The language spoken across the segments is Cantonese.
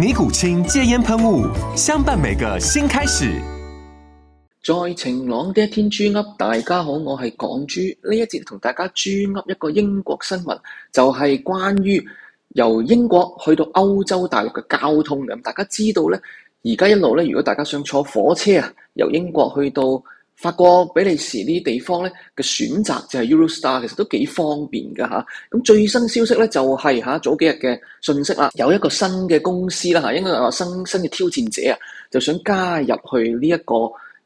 尼古清戒煙噴霧，相伴每個新開始。在晴朗的一天，豬噏，大家好，我係港豬。呢一節同大家豬噏一個英國新聞，就係關於由英國去到歐洲大陸嘅交通嘅。咁大家知道呢，而家一路咧，如果大家想坐火車啊，由英國去到。法國、比利時呢啲地方咧嘅選擇就係 Eurostar，其實都幾方便嘅嚇。咁、啊、最新消息咧就係嚇，早幾日嘅訊息啦，有一個新嘅公司啦嚇、啊，應該係話新新嘅挑戰者啊，就想加入去呢、這、一個。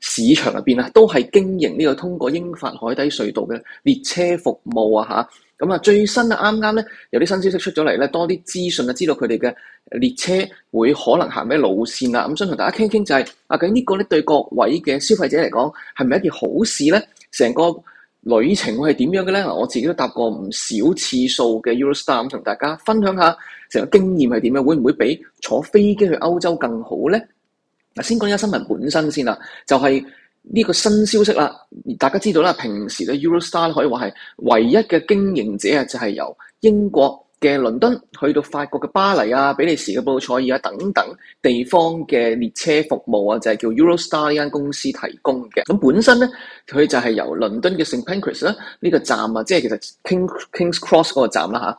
市場入邊啊，都係經營呢個通過英法海底隧道嘅列車服務啊，嚇！咁啊，最新啊，啱啱咧有啲新消息出咗嚟咧，多啲資訊啊，知道佢哋嘅列車會可能行咩路線啊。咁、嗯、想同大家傾傾、就是，就係啊，究竟個呢個咧對各位嘅消費者嚟講，係咪一件好事咧？成個旅程會係點樣嘅咧？嗱，我自己都搭過唔少次數嘅 Eurostar，同、嗯、大家分享下成個經驗係點樣，會唔會比坐飛機去歐洲更好咧？嗱，先講一下新聞本身先啦，就係呢個新消息啦。大家知道啦，平時嘅 Eurostar 可以話係唯一嘅經營者啊，就係由英國嘅倫敦去到法國嘅巴黎啊、比利時嘅布魯塞爾啊等等地方嘅列車服務啊，就係叫 Eurostar 呢間公司提供嘅。咁本身咧，佢就係由倫敦嘅 St Pancras 咧呢個站啊，即係其實 King's Cross 嗰個站啦嚇。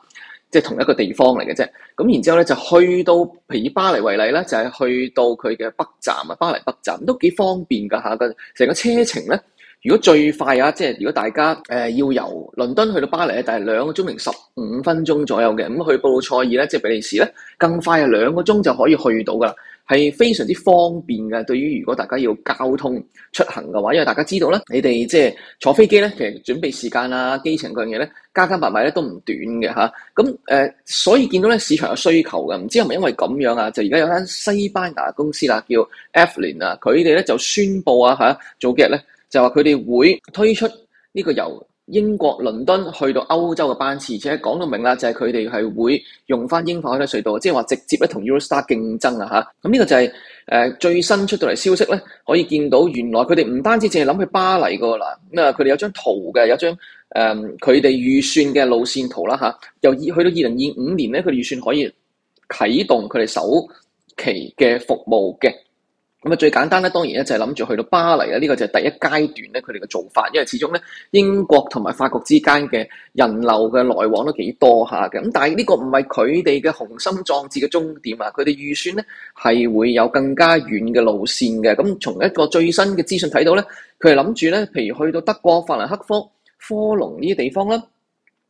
即係同一個地方嚟嘅啫，咁然之後咧就去到，譬如以巴黎為例咧，就係、是、去到佢嘅北站啊，巴黎北站都幾方便㗎嚇，個成個車程咧，如果最快啊，即係如果大家誒、呃、要由倫敦去到巴黎咧，大概兩個鐘零十五分鐘左右嘅，咁、嗯、去布魯塞爾咧，即係比利時咧，更快啊兩個鐘就可以去到㗎啦。係非常之方便嘅，對於如果大家要交通出行嘅話，因為大家知道咧，你哋即係坐飛機咧，其實準備時間啊、機程嗰樣嘢咧，加加埋埋咧都唔短嘅吓，咁、啊、誒、呃，所以見到咧市場有需求嘅，唔知係咪因為咁樣啊？就而家有間西班牙公司啦，叫 F i 啊，佢哋咧就宣布啊吓，早幾日咧就話佢哋會推出呢個由。英國倫敦去到歐洲嘅班次，而且講到明啦，就係佢哋係會用翻英法海底隧道，即係話直接一同 Eurostar 競爭啦吓，咁、啊、呢個就係、是、誒、呃、最新出到嚟消息咧，可以見到原來佢哋唔單止淨係諗去巴黎個啦，咁啊佢哋有張圖嘅，有張誒佢哋預算嘅路線圖啦吓、啊，由二去到二零二五年咧，佢哋預算可以啟動佢哋首期嘅服務嘅。咁啊，最簡單咧，當然咧就係諗住去到巴黎啊！呢個就係第一階段咧，佢哋嘅做法，因為始終咧英國同埋法國之間嘅人流嘅來往都幾多下嘅。咁但係呢個唔係佢哋嘅雄心壯志嘅終點啊，佢哋預算咧係會有更加遠嘅路線嘅。咁從一個最新嘅資訊睇到咧，佢係諗住咧，譬如去到德國法蘭克福、科隆呢啲地方啦。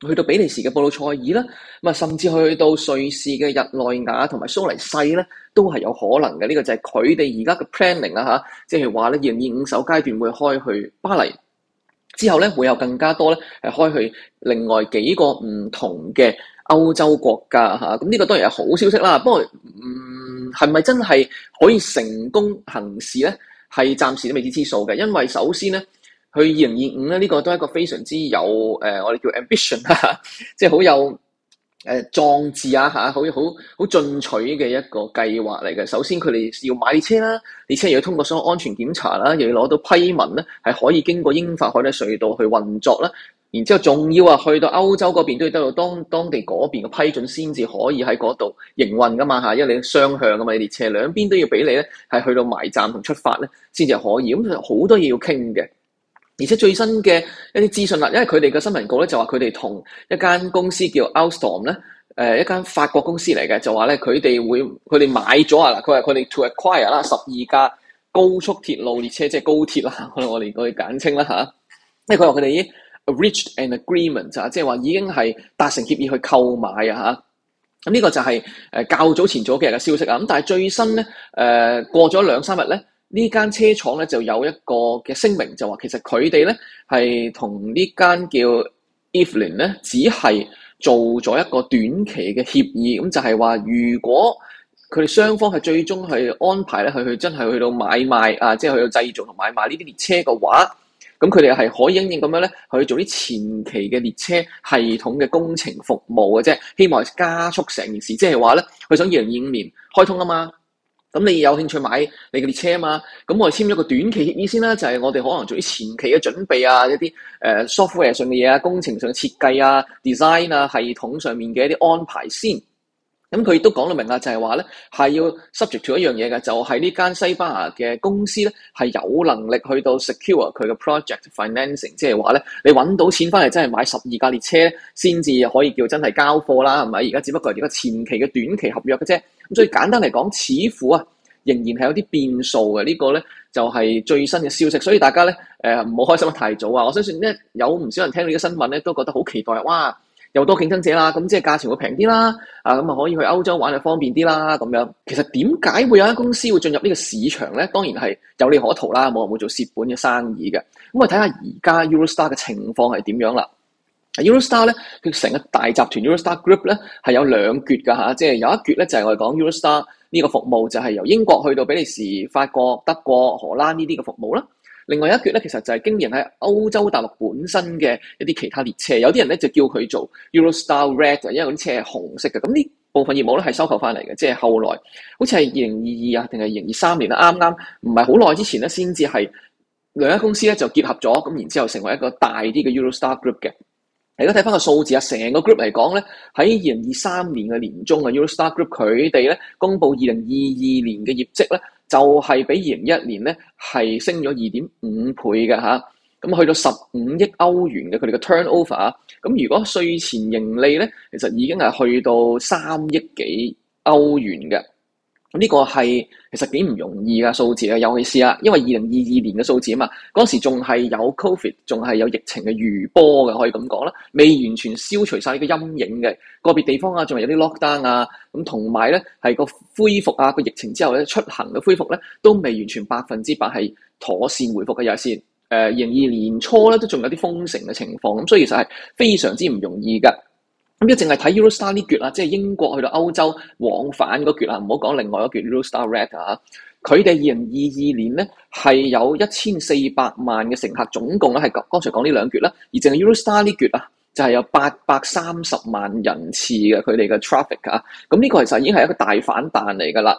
去到比利時嘅布魯塞爾啦，咁啊，甚至去到瑞士嘅日內瓦同埋蘇黎世咧，都係有可能嘅。呢個就係佢哋而家嘅 planning 啊。嚇，即係話咧，二零二五首階段會開去巴黎，之後咧會有更加多咧，誒開去另外幾個唔同嘅歐洲國家嚇。咁呢個當然係好消息啦，不過，嗯，係咪真係可以成功行事咧？係暫時都未知之數嘅，因為首先咧。去二零二五咧，呢、呢個都係一個非常之有誒、呃，我哋叫 ambition、啊、即係好有誒、呃、壯志啊吓，好好好進取嘅一個計劃嚟嘅。首先佢哋要買列車啦，列車又要通過所有安全檢查啦，又要攞到批文咧，係可以經過英法海底隧道去運作啦。然之後仲要啊，去到歐洲嗰邊都要得到當當地嗰邊嘅批准，先至可以喺嗰度營運噶嘛吓，因為你雙向噶嘛，你列車兩邊都要俾你咧，係去到埋站同出發咧，先至可以。咁好多嘢要傾嘅。而且最新嘅一啲資訊啦，因為佢哋嘅新聞稿咧就話佢哋同一間公司叫 Alstom 咧，誒一間法國公司嚟嘅，就話咧佢哋會佢哋買咗啊，佢話佢哋 to acquire 啦十二架高速鐵路列車，即係高鐵啦，可能我哋我哋簡稱啦吓，即係佢話佢哋已經 reached an agreement 啊，即係話已經係達成協議去購買啊吓，咁、嗯、呢、這個就係、是、誒、呃、較早前早幾日嘅消息啊。咁但係最新咧誒、呃、過咗兩三日咧。間廠呢間車廠咧就有一個嘅聲明，就話其實佢哋咧係同呢間叫 Even 咧，只係做咗一個短期嘅協議，咁就係話如果佢哋雙方係最終係安排咧佢去真係去到買賣啊，即係去到製造同買賣呢啲列車嘅話，咁佢哋係可以應咁應樣咧去做啲前期嘅列車系統嘅工程服務嘅啫，希望加速成件事，即係話咧佢想二零二五年開通啊嘛。咁你有興趣買你嘅列車啊嘛？咁我哋簽咗個短期協議先啦，就係我哋可能做啲前期嘅準備啊，一啲誒 software 上嘅嘢啊，工程上嘅設計啊，design 啊，系統上面嘅一啲安排先。咁佢亦都講到明啊，就係話咧，係要 subject to 一樣嘢嘅，就係呢間西班牙嘅公司咧，係有能力去到 secure 佢嘅 project financing，即係話咧，你揾到錢翻嚟，真係買十二架列車先至可以叫真係交貨啦，係咪？而家只不過係而家前期嘅短期合約嘅啫。咁所以簡單嚟講，似乎啊，仍然係有啲變數嘅。呢個咧就係最新嘅消息，所以大家咧誒唔好開心得太早啊！我相信咧有唔少人聽到啲新聞咧，都覺得好期待哇！又多競爭者啦，咁即係價錢會平啲啦，啊咁啊、嗯、可以去歐洲玩又方便啲啦，咁樣其實點解會有一公司會進入呢個市場咧？當然係有利可圖啦，冇人會做蝕本嘅生意嘅。咁我哋睇下而家 Eurostar 嘅情況係點樣啦。Eurostar 咧，佢成個大集團 Eurostar Group 咧係有兩橛㗎吓，即係有一橛咧就係我哋講 Eurostar 呢個服務就係由英國去到比利時、法國、德國、荷蘭呢啲嘅服務啦。另外一缺咧，其實就係經營喺歐洲大陸本身嘅一啲其他列車，有啲人咧就叫佢做 Eurostar Red，因為嗰啲車係紅色嘅。咁呢部分業務咧係收購翻嚟嘅，即係後來好似係二零二二啊，定係二零二三年啦，啱啱唔係好耐之前咧，先至係兩間公司咧就結合咗，咁然之後成為一個大啲嘅 Eurostar Group 嘅。而家睇翻個數字啊，成個 group 嚟講咧，喺二零二三年嘅年中啊，Eurostar Group 佢哋咧公佈二零二二年嘅業績咧。就係比二零一一年呢，係升咗二點五倍㗎，吓，咁去到十五億歐元嘅佢哋嘅 turnover 啊，咁、啊啊、如果稅前盈利呢，其實已經係去到三億幾歐元嘅。呢個係其實幾唔容易嘅數字啊，尤其是啊，因為二零二二年嘅數字啊嘛，嗰時仲係有 covid，仲係有疫情嘅餘波嘅，可以咁講啦，未完全消除晒呢個陰影嘅，個別地方啊仲係有啲 lockdown 啊，咁同埋咧係個恢復啊個疫情之後咧出行嘅恢復咧都未完全百分之百係妥善回復嘅，尤其是、誒二零二年初咧都仲有啲封城嘅情況，咁、嗯、所以其實係非常之唔容易噶。咁一淨係睇 Eurostar 呢橛啦，即係英國去到歐洲往返嗰橛啊，唔好講另外嗰橛 Eurostar r a c k 啊，佢哋二零二二年咧係有一千四百萬嘅乘客，總共咧係剛剛才講呢兩橛啦，而淨係 Eurostar 呢橛啊，就係、是、有八百三十萬人次嘅佢哋嘅 traffic 啊，咁呢個其實已經係一個大反彈嚟噶啦。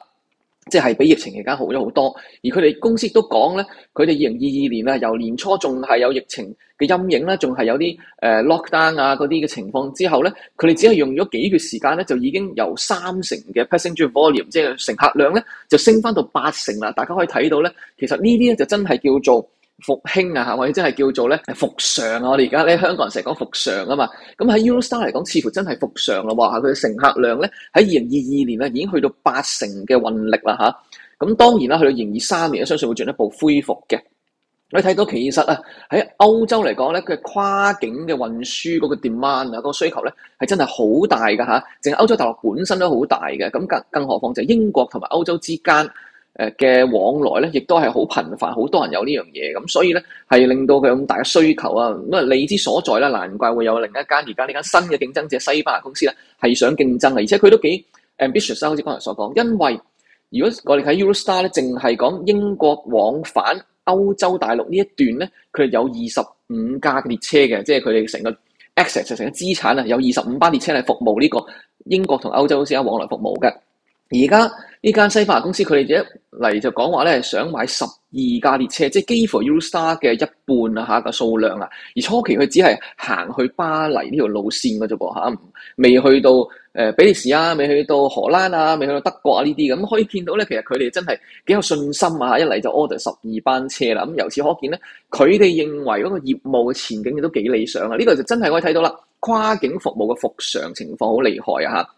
即係比疫情期間好咗好多，而佢哋公司都講咧，佢哋二零二二年啊，由年初仲係有疫情嘅陰影啦，仲係有啲誒、呃、lockdown 啊嗰啲嘅情況之後咧，佢哋只係用咗幾個月時間咧，就已經由三成嘅 passenger volume，即係乘客量咧，就升翻到八成啦。大家可以睇到咧，其實呢啲咧就真係叫做復興啊嚇，或者真係叫做咧復常啊！我哋而家咧香港人成日講復常啊嘛，咁喺 Eurostar 嚟講，似乎真係復常啦喎嚇，佢嘅乘客量咧喺二零二二年啊已經去到八成嘅運力啦吓，咁當然啦，去到二零二三年相信會進一步恢復嘅。你睇到其實啊喺歐洲嚟講咧，佢跨境嘅運輸嗰個 demand 啊，嗰個需求咧係真係好大嘅吓，淨係歐洲大陸本身都好大嘅，咁更更何況就英國同埋歐洲之間，誒嘅往來咧，亦都係好頻繁，好多人有呢樣嘢，咁所以咧係令到佢咁大嘅需求啊，咁啊理之所在啦，難怪會有另一間而家呢間新嘅競爭者西班牙公司咧係想競爭嘅，而且佢都幾 ambitious 啦，好似剛才所講，因為如果我哋喺 Eurostar 咧，淨係講英國往返歐洲大陸呢一段咧，佢有二十五架嘅列車嘅，即係佢哋成個 assets 成個資產啊，有二十五班列車係服務呢、這個英國同歐洲之間往來服務嘅。而家呢間西班牙公司佢哋一嚟就講話咧，想買十二架列車，即係幾乎 Eurostar 嘅一半啊！嚇個數量啊，而初期佢只係行去巴黎呢條路線嘅啫噃嚇，未去到誒、呃、比利時啊，未去到荷蘭啊，未去到德國啊呢啲咁，可以見到咧，其實佢哋真係幾有信心啊！一嚟就 order 十二班車啦，咁由此可見咧，佢哋認為嗰個業務嘅前景亦都幾理想啊！呢、這個就真係可以睇到啦，跨境服務嘅復常情況好厲害啊！嚇。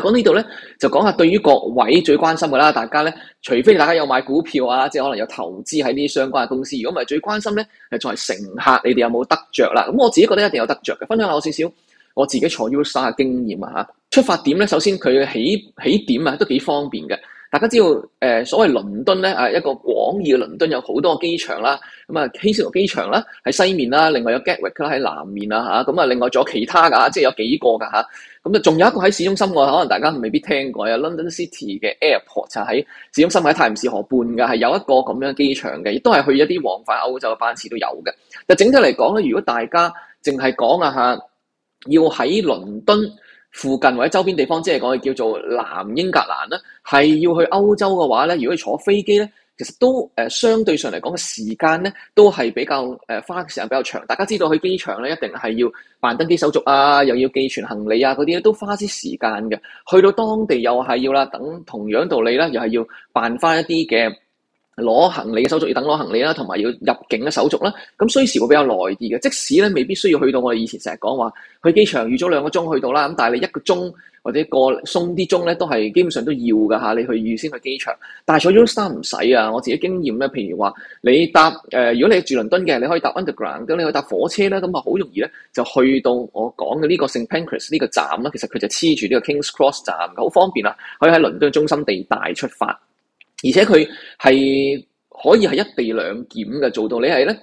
講到呢度咧，就講下對於各位最關心嘅啦。大家咧，除非大家有買股票啊，即係可能有投資喺呢啲相關嘅公司。如果唔係，最關心咧，係作為乘客你有有、啊，你哋有冇得着啦？咁我自己覺得一定有得着嘅。分享下我少少我自己坐 Eurostar 嘅經驗啊！嚇，出發點咧，首先佢起起點啊，都幾方便嘅。大家知道誒、呃，所謂倫敦咧啊，一個廣義嘅倫敦有好多個機場啦、啊，咁啊希斯羅機場啦、啊、喺西面啦、啊，另外有 Gatwick 啦、啊、喺南面啊嚇，咁啊另外仲有其他噶、啊，即係有幾個噶嚇、啊。咁啊，仲有一個喺市中心嘅，可能大家未必聽過，有 London City 嘅 Airport 就喺市中心，喺泰晤士河畔嘅，係有一個咁樣嘅機場嘅，亦都係去一啲往返歐洲嘅班次都有嘅。但整體嚟講咧，如果大家淨係講啊嚇，要喺倫敦附近或者周邊地方，即係講叫做南英格蘭啦，係要去歐洲嘅話咧，如果坐飛機咧。其實都誒、呃，相對上嚟講嘅時間咧，都係比較誒、呃、花嘅時間比較長。大家知道去機場咧，一定係要辦登機手續啊，又要寄存行李啊嗰啲咧，都花啲時間嘅。去到當地又係要啦，等同樣道理啦，又係要辦返一啲嘅。攞行李嘅手續要等攞行李啦，同埋要入境嘅手續啦，咁需時會比較耐啲嘅。即使咧未必需要去到我哋以前成日講話去機場預咗兩個鐘去到啦，咁但係你一個鐘或者過鬆啲鐘咧，都係基本上都要㗎吓。你去預先去機場，但係坐 Eurostar 三唔使啊！我自己經驗咧，譬如話你搭誒、呃，如果你住倫敦嘅，你可以搭 Underground，咁你去搭火車啦，咁啊好容易咧就去到我講嘅呢個 St Pancras 呢個站啦。其實佢就黐住呢個 King's Cross 站，好方便啊！可以喺倫敦中心地帶出發。而且佢係可以係一地兩檢嘅做到你係，你係呢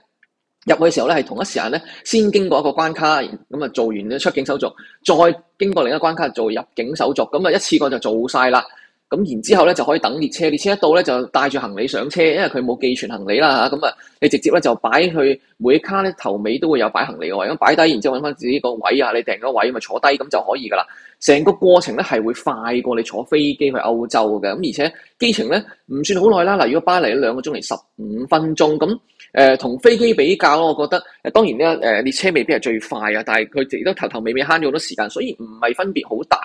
入去嘅時候呢，係同一時間呢，先經過一個關卡，咁啊做完出境手續，再經過另一個關卡做入境手續，咁啊一次過就做曬啦。咁然之後咧，就可以等列車。列車一到咧，就帶住行李上車，因為佢冇寄存行李啦嚇。咁啊，你直接咧就擺去每卡咧頭尾都會有擺行李位，咁擺低，然之後揾翻自己個位啊，你訂咗位咪坐低咁就可以噶啦。成個過程咧係會快過你坐飛機去歐洲嘅。咁而且機程咧唔算好耐啦。嗱，如果巴黎兩個鐘嚟十五分鐘咁，誒同、呃、飛機比較，我覺得誒當然咧誒、呃、列車未必係最快啊，但係佢亦都頭頭尾尾慳咗好多時間，所以唔係分別好大。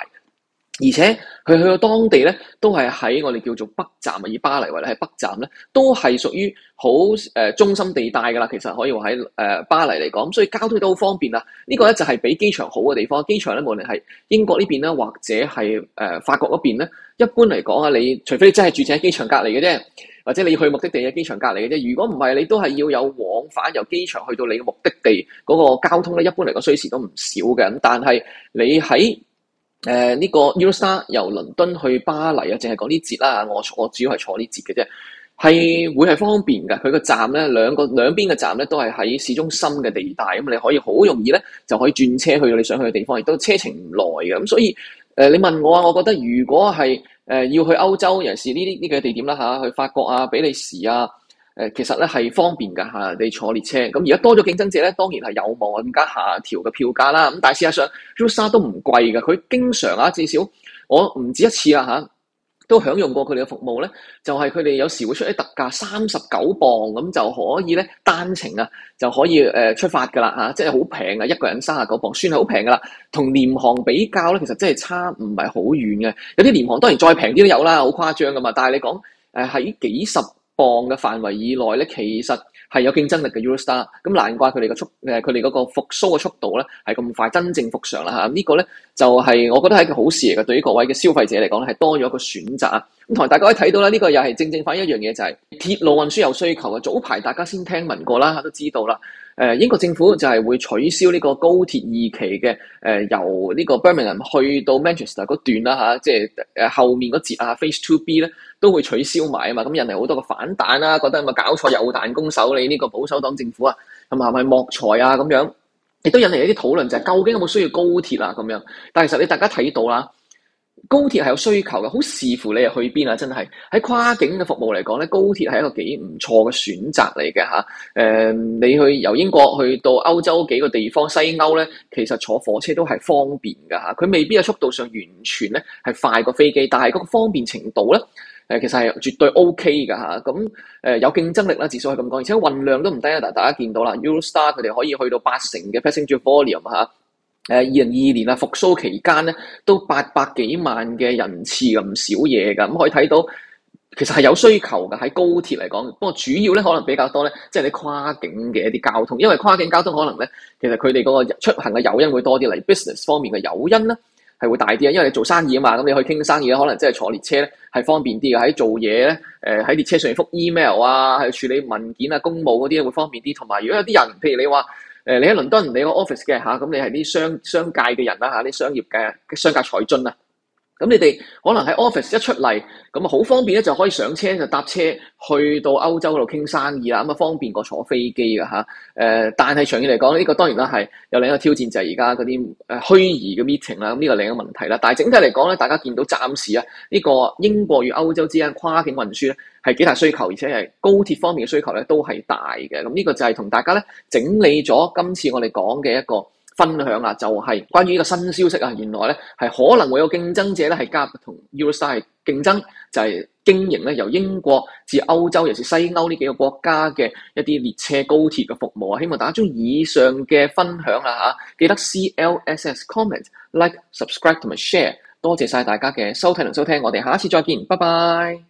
而且佢去到當地咧，都係喺我哋叫做北站啊，以巴黎為例，喺北站咧，都係屬於好誒中心地帶噶啦。其實可以話喺誒巴黎嚟講，所以交通都好方便啊。這個、呢個咧就係、是、比機場好嘅地方。機場咧無論係英國呢邊咧，或者係誒、呃、法國嗰邊咧，一般嚟講啊，你除非你真係住喺機場隔離嘅啫，或者你要去目的地喺機場隔離嘅啫。如果唔係，你都係要有往返由機場去到你嘅目的地嗰、那個交通咧，一般嚟講，需時都唔少嘅。咁但係你喺誒呢、呃這個 Eurostar 由倫敦去巴黎啊，淨係講呢節啦，我我主要係坐呢節嘅啫，係會係方便嘅。佢個兩站咧兩個兩邊嘅站咧都係喺市中心嘅地帶，咁、嗯、你可以好容易咧就可以轉車去到你想去嘅地方，亦都車程唔耐嘅。咁、嗯、所以誒、呃，你問我啊，我覺得如果係誒、呃、要去歐洲，尤其係呢啲呢個地點啦嚇、啊，去法國啊、比利時啊。誒，其實咧係方便噶吓，你坐列車咁而家多咗競爭者咧，當然係有望更加下調嘅票價啦。咁但係事實上，Eurostar 都唔貴嘅，佢經常啊，至少我唔止一次啊吓，都享用過佢哋嘅服務咧，就係佢哋有時會出啲特價三十九磅咁就可以咧，單程啊就可以誒出發噶啦吓，即係好平啊，一個人三十九磅算係好平噶啦。同廉航比較咧，其實真係差唔係好遠嘅。有啲廉航當然再平啲都有啦，好誇張噶嘛。但係你講誒喺幾十。嘅範圍以內咧，其實係有競爭力嘅、e、Eurostar，咁難怪佢哋嘅速誒佢哋嗰個復甦嘅速度咧係咁快，真正復常啦嚇，這個、呢個咧就係、是、我覺得係一個好事嚟嘅，對於各位嘅消費者嚟講咧係多咗一個選擇。咁大家可以睇到啦，呢、這個又係正正反一樣嘢，就係、是、鐵路運輸有需求嘅。早排大家先聽聞過啦，都知道啦。誒、呃，英國政府就係會取消呢個高鐵二期嘅誒、呃，由呢個 Birmingham 去到 Manchester 嗰段啦，嚇、啊，即係誒、呃、後面嗰節啊 Phase Two B 咧都會取消埋啊嘛。咁、嗯、引嚟好多個反彈啦，覺得咁咪、嗯、搞錯有彈弓手，你呢個保守黨政府啊，咁係咪莫才啊咁樣，亦都引嚟一啲討論，就係究竟有冇需要高鐵啊咁樣。但係其實你大家睇到啦。高鐵係有需求嘅，好視乎你係去邊啊！真係喺跨境嘅服務嚟講咧，高鐵係一個幾唔錯嘅選擇嚟嘅嚇。誒、呃，你去由英國去到歐洲幾個地方，西歐咧，其實坐火車都係方便嘅嚇。佢未必喺速度上完全咧係快過飛機，但係嗰個方便程度咧，誒、呃、其實係絕對 OK 嘅嚇。咁、啊、誒、呃、有競爭力啦，至少係咁講，而且運量都唔低啦。但大家見到啦，Eurostar 佢哋可以去到八成嘅 passenger volume 嚇。啊誒，二零二二年啊，復甦期間咧，都八百幾萬嘅人次咁少嘢噶，咁、嗯、可以睇到其實係有需求嘅喺高鐵嚟講。不過主要咧可能比較多咧，即係啲跨境嘅一啲交通，因為跨境交通可能咧，其實佢哋嗰個出行嘅誘因會多啲嚟。business 方面嘅誘因咧係會大啲啊，因為你做生意啊嘛，咁你去以傾生意可能即係坐列車咧係方便啲嘅。喺做嘢咧，誒、呃、喺列車上面覆 email 啊，喺處理文件啊、公務嗰啲會方便啲。同埋如果有啲人，譬如你話。誒，你喺倫敦，你個 office 嘅嚇，咁你係啲商商界嘅人啦嚇，啲商業嘅商界才俊啊！咁你哋可能喺 office 一出嚟，咁啊好方便咧，就可以上車，就搭車去到歐洲度傾生意啦，咁啊方便過坐飛機噶吓。誒、啊，但係長遠嚟講，呢、呢個當然啦係有另一個挑戰，就係而家嗰啲誒虛擬嘅 meeting 啦，咁呢個另一個問題啦。但係整體嚟講咧，大家見到暫時啊，呢、呢個英國與歐洲之間跨境運輸咧係幾大需求，而且係高鐵方面嘅需求咧都係大嘅。咁呢個就係同大家咧整理咗今次我哋講嘅一個。分享啊，就係、是、關於呢個新消息啊，原來咧係可能會有競爭者咧，係加入同 Eurostar 競爭，就係、是、經營咧由英國至歐洲，尤其西歐呢幾個國家嘅一啲列車高鐵嘅服務啊。希望大家將以上嘅分享啊嚇，記得 CLSS comment like subscribe 同埋 share，多謝晒大家嘅收睇同收聽，我哋下一次再見，拜拜。